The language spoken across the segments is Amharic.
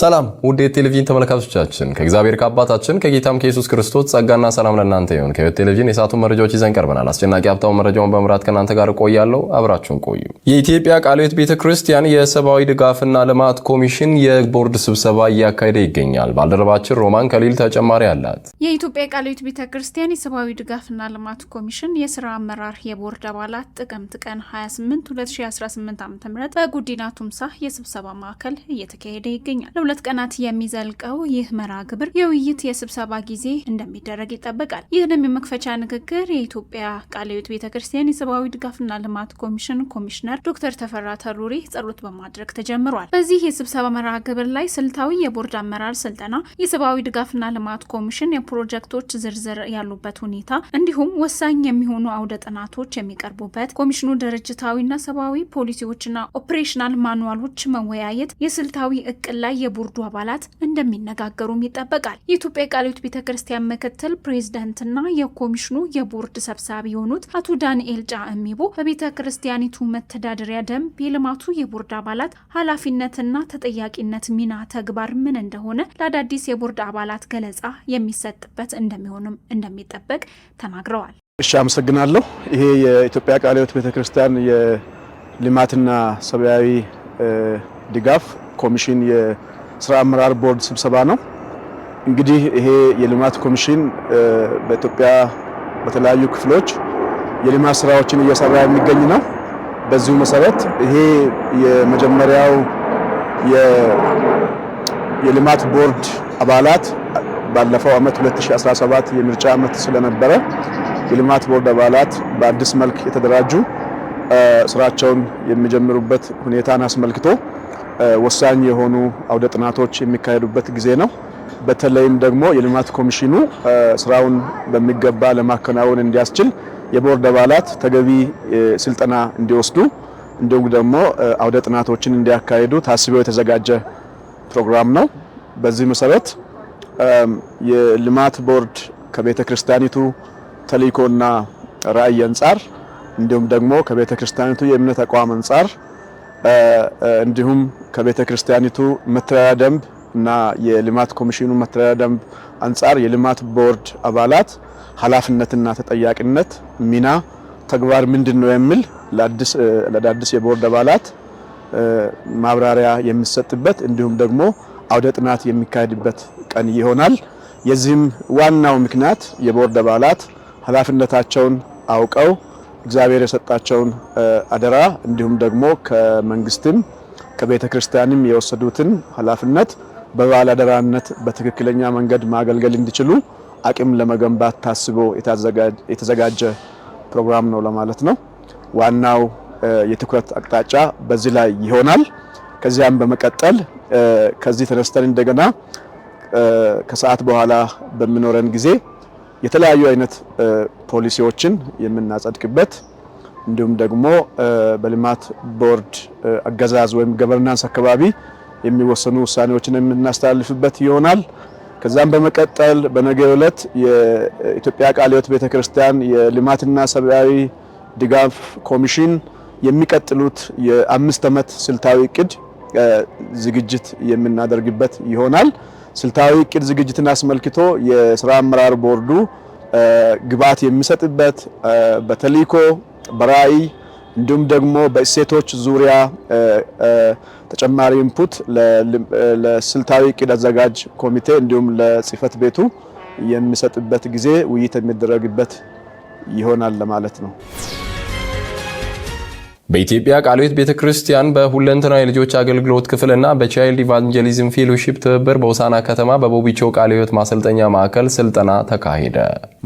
ሰላም ውድ የቴሌቪዥን ተመልካቾቻችን ከእግዚአብሔር ከአባታችን ከጌታም ከኢየሱስ ክርስቶስ ጸጋና ሰላም ለእናንተ ይሁን። ከህይወት ቴሌቪዥን የሰዓቱን መረጃዎች ይዘን ቀርበናል። አስጨናቂ ሀብታው መረጃውን በመምራት ከእናንተ ጋር እቆያለሁ። አብራችሁን ቆዩ። የኢትዮጵያ ቃለ ሕይወት ቤተ ክርስቲያን የሰብአዊ ድጋፍና ልማት ኮሚሽን የቦርድ ስብሰባ እያካሄደ ይገኛል። ባልደረባችን ሮማን ከሊል ተጨማሪ አላት። የኢትዮጵያ ቃለ ሕይወት ቤተ ክርስቲያን የሰብአዊ ድጋፍና ልማት ኮሚሽን የስራ አመራር የቦርድ አባላት ጥቅምት ቀን 28 2018 ም በጉዲና ቱምሳ የስብሰባ ማዕከል እየተካሄደ ይገኛል ለሁለት ቀናት የሚዘልቀው ይህ መርሃ ግብር የውይይት የስብሰባ ጊዜ እንደሚደረግ ይጠበቃል። ይህንም የመክፈቻ ንግግር የኢትዮጵያ ቃለ ሕይወት ቤተ ክርስቲያን የሰብአዊ ድጋፍና ልማት ኮሚሽን ኮሚሽነር ዶክተር ተፈራ ተሩሪ ጸሎት በማድረግ ተጀምሯል። በዚህ የስብሰባ መርሃ ግብር ላይ ስልታዊ የቦርድ አመራር ስልጠና፣ የሰብአዊ ድጋፍና ልማት ኮሚሽን የፕሮጀክቶች ዝርዝር ያሉበት ሁኔታ እንዲሁም ወሳኝ የሚሆኑ አውደ ጥናቶች የሚቀርቡበት ኮሚሽኑ ድርጅታዊና ሰብአዊ ፖሊሲዎችና ኦፕሬሽናል ማኑዋሎች መወያየት፣ የስልታዊ እቅድ ላይ የቦርዱ አባላት እንደሚነጋገሩም ይጠበቃል። የኢትዮጵያ የቃሊዮት ቤተ ክርስቲያን ምክትል ፕሬዝደንትና የኮሚሽኑ የቦርድ ሰብሳቢ የሆኑት አቶ ዳንኤል ጫእሚቦ በቤተ ክርስቲያኒቱ መተዳደሪያ ደንብ የልማቱ የቦርድ አባላት ኃላፊነትና ተጠያቂነት ሚና ተግባር ምን እንደሆነ ለአዳዲስ የቦርድ አባላት ገለጻ የሚሰጥበት እንደሚሆንም እንደሚጠበቅ ተናግረዋል። እሺ፣ አመሰግናለሁ። ይሄ የኢትዮጵያ ቃሊዮት ቤተ ክርስቲያን የልማትና ሰብአዊ ድጋፍ ኮሚሽን ስራ አመራር ቦርድ ስብሰባ ነው። እንግዲህ ይሄ የልማት ኮሚሽን በኢትዮጵያ በተለያዩ ክፍሎች የልማት ስራዎችን እየሰራ የሚገኝ ነው። በዚሁ መሰረት ይሄ የመጀመሪያው የልማት ቦርድ አባላት ባለፈው ዓመት 2017 የምርጫ ዓመት ስለነበረ የልማት ቦርድ አባላት በአዲስ መልክ የተደራጁ ስራቸውን የሚጀምሩበት ሁኔታን አስመልክቶ ወሳኝ የሆኑ አውደ ጥናቶች የሚካሄዱበት ጊዜ ነው። በተለይም ደግሞ የልማት ኮሚሽኑ ስራውን በሚገባ ለማከናወን እንዲያስችል የቦርድ አባላት ተገቢ ስልጠና እንዲወስዱ እንዲሁም ደግሞ አውደ ጥናቶችን እንዲያካሂዱ ታስበው የተዘጋጀ ፕሮግራም ነው። በዚህ መሰረት የልማት ቦርድ ከቤተ ክርስቲያኒቱ ተልእኮና ራዕይ አንጻር እንዲሁም ደግሞ ከቤተ ክርስቲያኒቱ የእምነት ተቋም አንጻር እንዲሁም ከቤተ ክርስቲያኒቱ መተዳደሪያ ደንብ እና የልማት ኮሚሽኑ መተዳደሪያ ደንብ አንጻር የልማት ቦርድ አባላት ኃላፊነትና ተጠያቂነት ሚና ተግባር ምንድን ነው የሚል ለአዳዲስ የቦርድ አባላት ማብራሪያ የሚሰጥበት እንዲሁም ደግሞ አውደ ጥናት የሚካሄድበት ቀን ይሆናል። የዚህም ዋናው ምክንያት የቦርድ አባላት ኃላፊነታቸውን አውቀው እግዚአብሔር የሰጣቸውን አደራ እንዲሁም ደግሞ ከመንግስትም ከቤተ ክርስቲያንም የወሰዱትን ኃላፊነት በባለ አደራነት በትክክለኛ መንገድ ማገልገል እንዲችሉ አቅም ለመገንባት ታስቦ የተዘጋጀ ፕሮግራም ነው ለማለት ነው። ዋናው የትኩረት አቅጣጫ በዚህ ላይ ይሆናል። ከዚያም በመቀጠል ከዚህ ተነስተን እንደገና ከሰዓት በኋላ በሚኖረን ጊዜ የተለያዩ አይነት ፖሊሲዎችን የምናጸድቅበት እንዲሁም ደግሞ በልማት ቦርድ አገዛዝ ወይም ገቨርናንስ አካባቢ የሚወሰኑ ውሳኔዎችን የምናስተላልፍበት ይሆናል። ከዛም በመቀጠል በነገው ዕለት የኢትዮጵያ ቃለ ሕይወት ቤተክርስቲያን የልማትና ሰብአዊ ድጋፍ ኮሚሽን የሚቀጥሉት የአምስት ዓመት ስልታዊ እቅድ ዝግጅት የምናደርግበት ይሆናል። ስልታዊ እቅድ ዝግጅትን አስመልክቶ የስራ አመራር ቦርዱ ግብዓት የሚሰጥበት በተልዕኮ በራዕይ እንዲሁም ደግሞ በእሴቶች ዙሪያ ተጨማሪ ኢንፑት ለስልታዊ እቅድ አዘጋጅ ኮሚቴ እንዲሁም ለጽህፈት ቤቱ የሚሰጥበት ጊዜ ውይይት የሚደረግበት ይሆናል ለማለት ነው። በኢትዮጵያ ቃለ ሕይወት ቤተ ክርስቲያን በሁለንተና የልጆች አገልግሎት ክፍልና በቻይልድ ኢቫንጀሊዝም ፌሎሺፕ ትብብር በውሳና ከተማ በቦቢቾ ቃለ ሕይወት ማሰልጠኛ ማዕከል ስልጠና ተካሄደ።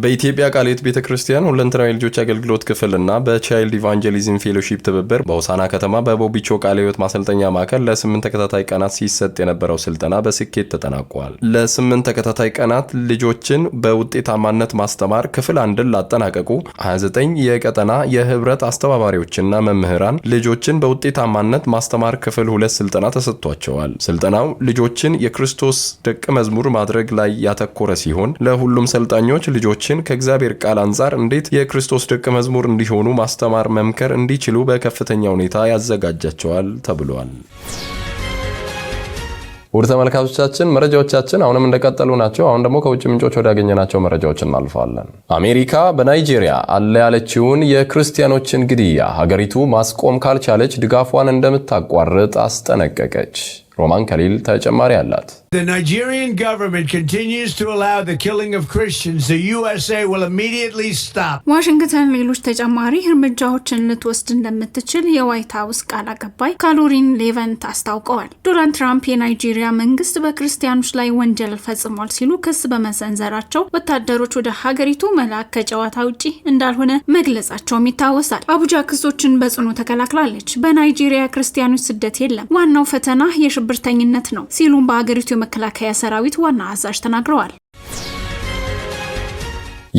በኢትዮጵያ ቃለ ሕይወት ቤተ ክርስቲያን የልጆች አገልግሎት ክፍልና በቻይልድ ኢቫንጀሊዝም ፌሎሺፕ ትብብር በውሳና ከተማ በቦቢቾ ቃለ ሕይወት ማሰልጠኛ ማዕከል ለስምንት ተከታታይ ቀናት ሲሰጥ የነበረው ስልጠና በስኬት ተጠናቋል። ለስምንት ተከታታይ ቀናት ልጆችን በውጤታማነት ማስተማር ክፍል አንድን ላጠናቀቁ 29 የቀጠና የህብረት አስተባባሪዎችና መምህ መምህራን ልጆችን በውጤታማነት ማስተማር ክፍል ሁለት ስልጠና ተሰጥቷቸዋል። ስልጠናው ልጆችን የክርስቶስ ደቀ መዝሙር ማድረግ ላይ ያተኮረ ሲሆን ለሁሉም ሰልጣኞች ልጆችን ከእግዚአብሔር ቃል አንጻር እንዴት የክርስቶስ ደቀ መዝሙር እንዲሆኑ ማስተማር፣ መምከር እንዲችሉ በከፍተኛ ሁኔታ ያዘጋጃቸዋል ተብሏል። ውድ ተመልካቾቻችን መረጃዎቻችን አሁንም እንደቀጠሉ ናቸው። አሁን ደግሞ ከውጭ ምንጮች ወዳገኘናቸው መረጃዎች እናልፋለን። አሜሪካ በናይጄሪያ አለ ያለችውን የክርስቲያኖችን ግድያ ሀገሪቱ ማስቆም ካልቻለች ድጋፏን እንደምታቋርጥ አስጠነቀቀች። ሮማን ከሊል ተጨማሪ አላት። ዋሽንግተን ሌሎች ተጨማሪ እርምጃዎችን ልትወስድ እንደምትችል የዋይት ሀውስ ቃል አቀባይ ካሎሪን ሌቨንት አስታውቀዋል። ዶናልድ ትራምፕ የናይጄሪያ መንግስት በክርስቲያኖች ላይ ወንጀል ፈጽሟል ሲሉ ክስ በመሰንዘራቸው ወታደሮች ወደ ሀገሪቱ መላክ ከጨዋታ ውጪ እንዳልሆነ መግለጻቸውም ይታወሳል። አቡጃ ክሶችን በጽኑ ተከላክላለች። በናይጄሪያ ክርስቲያኖች ስደት የለም፣ ዋናው ፈተና የሽብር ሽብርተኝነት ነው ሲሉም በሀገሪቱ የመከላከያ ሰራዊት ዋና አዛዥ ተናግረዋል።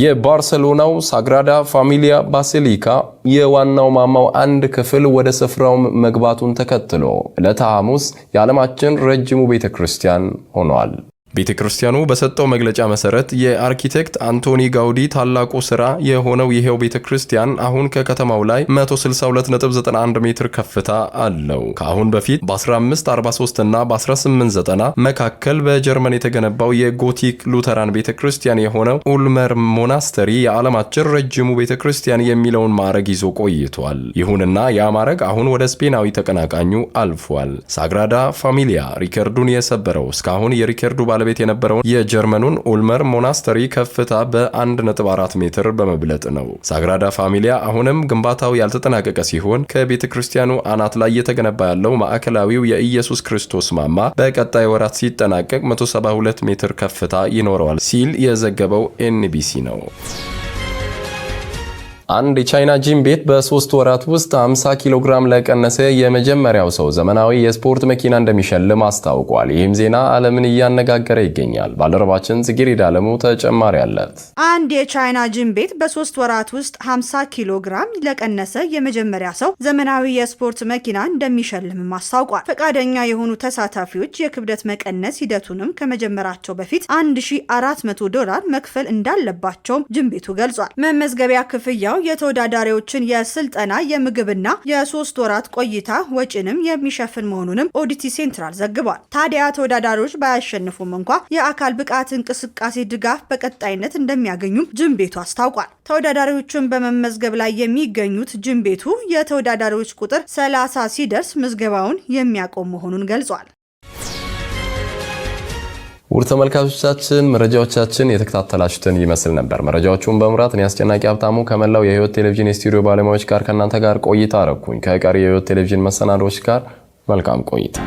የባርሰሎናው ሳግራዳ ፋሚሊያ ባሲሊካ የዋናው ማማው አንድ ክፍል ወደ ስፍራው መግባቱን ተከትሎ ዕለተ ሐሙስ የዓለማችን ረጅሙ ቤተ ክርስቲያን ሆኗል። ቤተ ክርስቲያኑ በሰጠው መግለጫ መሰረት የአርኪቴክት አንቶኒ ጋውዲ ታላቁ ስራ የሆነው ይሄው ቤተ ክርስቲያን አሁን ከከተማው ላይ 162.91 ሜትር ከፍታ አለው። ከአሁን በፊት በ1543 እና በ1890 መካከል በጀርመን የተገነባው የጎቲክ ሉተራን ቤተ ክርስቲያን የሆነው ኡልመር ሞናስተሪ የዓለማችን ረጅሙ ቤተ ክርስቲያን የሚለውን ማዕረግ ይዞ ቆይቷል። ይሁንና ያ ማዕረግ አሁን ወደ ስፔናዊ ተቀናቃኙ አልፏል። ሳግራዳ ፋሚሊያ ሪከርዱን የሰበረው እስካሁን የሪከርዱ ባለ ባለቤት የነበረውን የጀርመኑን ኡልመር ሞናስተሪ ከፍታ በ1.4 ሜትር በመብለጥ ነው። ሳግራዳ ፋሚሊያ አሁንም ግንባታው ያልተጠናቀቀ ሲሆን ከቤተ ክርስቲያኑ አናት ላይ እየተገነባ ያለው ማዕከላዊው የኢየሱስ ክርስቶስ ማማ በቀጣይ ወራት ሲጠናቀቅ 172 ሜትር ከፍታ ይኖረዋል ሲል የዘገበው ኤንቢሲ ነው። አንድ የቻይና ጂም ቤት በሶስት ወራት ውስጥ 50 ኪሎ ግራም ለቀነሰ የመጀመሪያው ሰው ዘመናዊ የስፖርት መኪና እንደሚሸልም አስታውቋል። ይህም ዜና ዓለምን እያነጋገረ ይገኛል። ባልደረባችን ጽጌረዳ አለሙ ተጨማሪ አላት። አንድ የቻይና ጂም ቤት በሶስት ወራት ውስጥ 50 ኪሎ ግራም ለቀነሰ የመጀመሪያ ሰው ዘመናዊ የስፖርት መኪና እንደሚሸልምም አስታውቋል። ፈቃደኛ የሆኑ ተሳታፊዎች የክብደት መቀነስ ሂደቱንም ከመጀመራቸው በፊት 1400 ዶላር መክፈል እንዳለባቸውም ጂም ቤቱ ገልጿል። መመዝገቢያ ክፍያው የተወዳዳሪዎችን የስልጠና የምግብና የሶስት ወራት ቆይታ ወጪንም የሚሸፍን መሆኑንም ኦዲቲ ሴንትራል ዘግቧል። ታዲያ ተወዳዳሪዎች ባያሸንፉም እንኳ የአካል ብቃት እንቅስቃሴ ድጋፍ በቀጣይነት እንደሚያገኙም ጅም ቤቱ አስታውቋል። ተወዳዳሪዎቹን በመመዝገብ ላይ የሚገኙት ጅም ቤቱ የተወዳዳሪዎች ቁጥር ሰላሳ ሲደርስ ምዝገባውን የሚያቆም መሆኑን ገልጿል። ውድ ተመልካቾቻችን መረጃዎቻችን የተከታተላችሁትን ይመስል ነበር። መረጃዎቹን በመምራት እኔ አስጨናቂ ሀብታሙ ከመላው የህይወት ቴሌቪዥን የስቱዲዮ ባለሙያዎች ጋር ከእናንተ ጋር ቆይታ አረኩኝ። ከቀሪ የህይወት ቴሌቪዥን መሰናዶዎች ጋር መልካም ቆይታ